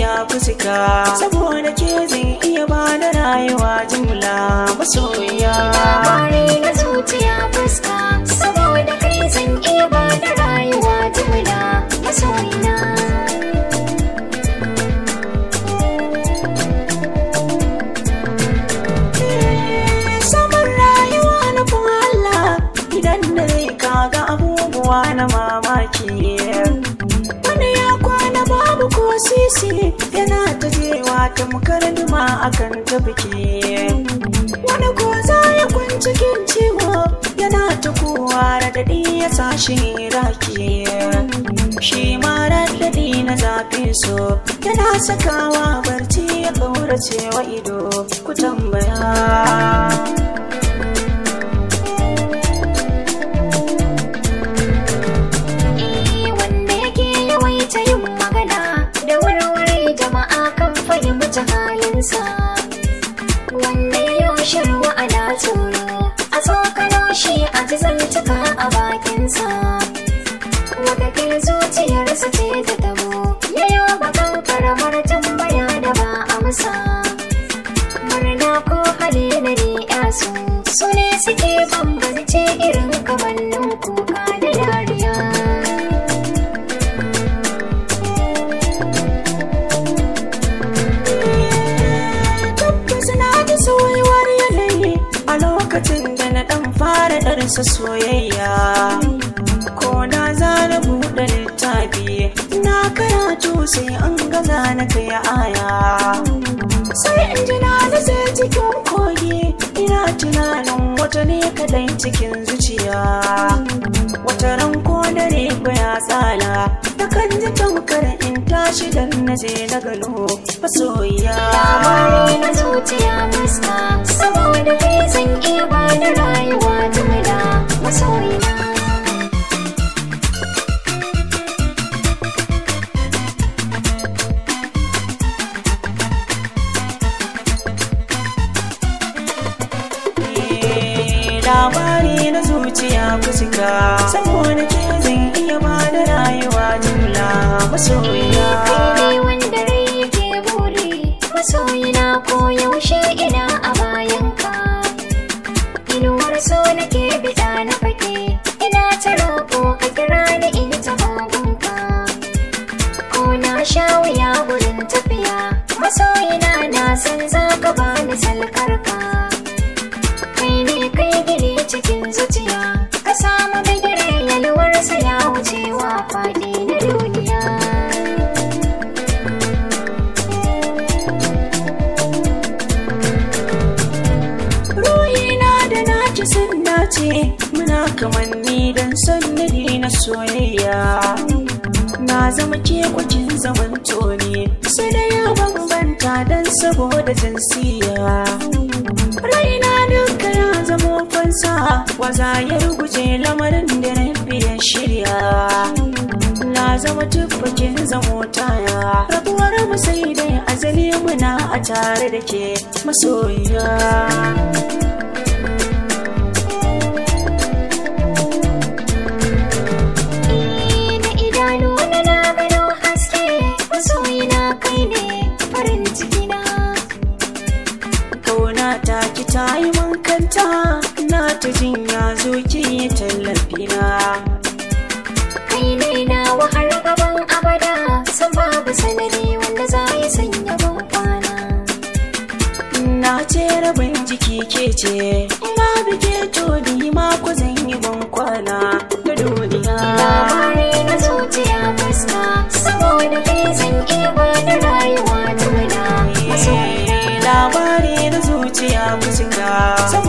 ya fuska saboda ke iya ba na rayuwa jimla masoya labari na zuciya fuska saboda rayuwa, zan iya ba na rayuwa jimla masoyina Idan da zai kaga abubuwa na mamaki sisi yana ta jewa ta mukarduma akan ta biki wani ko za ya kwanci ciwo yana ta kowa radadi ya sashi raki shi ma radadi na zafi so yana sakawa barci ya kaurace wa ido ku tambaya amsa wanda yau shirwa tsoro a tsokano shi a ji a bakinsa wata zuciyarsa ce da sa soyayya ko na zana buɗe littafi na karatu sai an gaza na kai aya sai in ji na nasa cikin kogi ina tunanin wata ne kadai cikin zuciya wata ran ko dare ko ya tsala ta kan ji tamkar in tashi dan na je na gano ba labari na zuciya maska saboda zan iya ba zuciya fuska saboda ke iya ba da rayuwa jimla masoyina kai wanda rai yake buri masoyina ko yaushe ina a bayanka inuwar so nake bida na fake ina ta roƙo ka kira ni in ta magunka ko na sha wuya gurin tafiya masoyina na san za ka bani salkarka kamanni don ne na soyayya na zama ke zaman toni sai da ya bambanta don saboda jinsiya raina duka ya zamo fansa wazayar guje lamarin da na biya shirya na zama tuffakin zamo taya rabuwar mu sai dai azali muna a tare da ke masoyiya ta yi wankanta na ta jinya zoki ya tallafi na kai dai na wahar gaban abada san babu sanadi wanda za yi sanya ban kwana na ce rabin jiki ke ce babu ke to zuciya mutum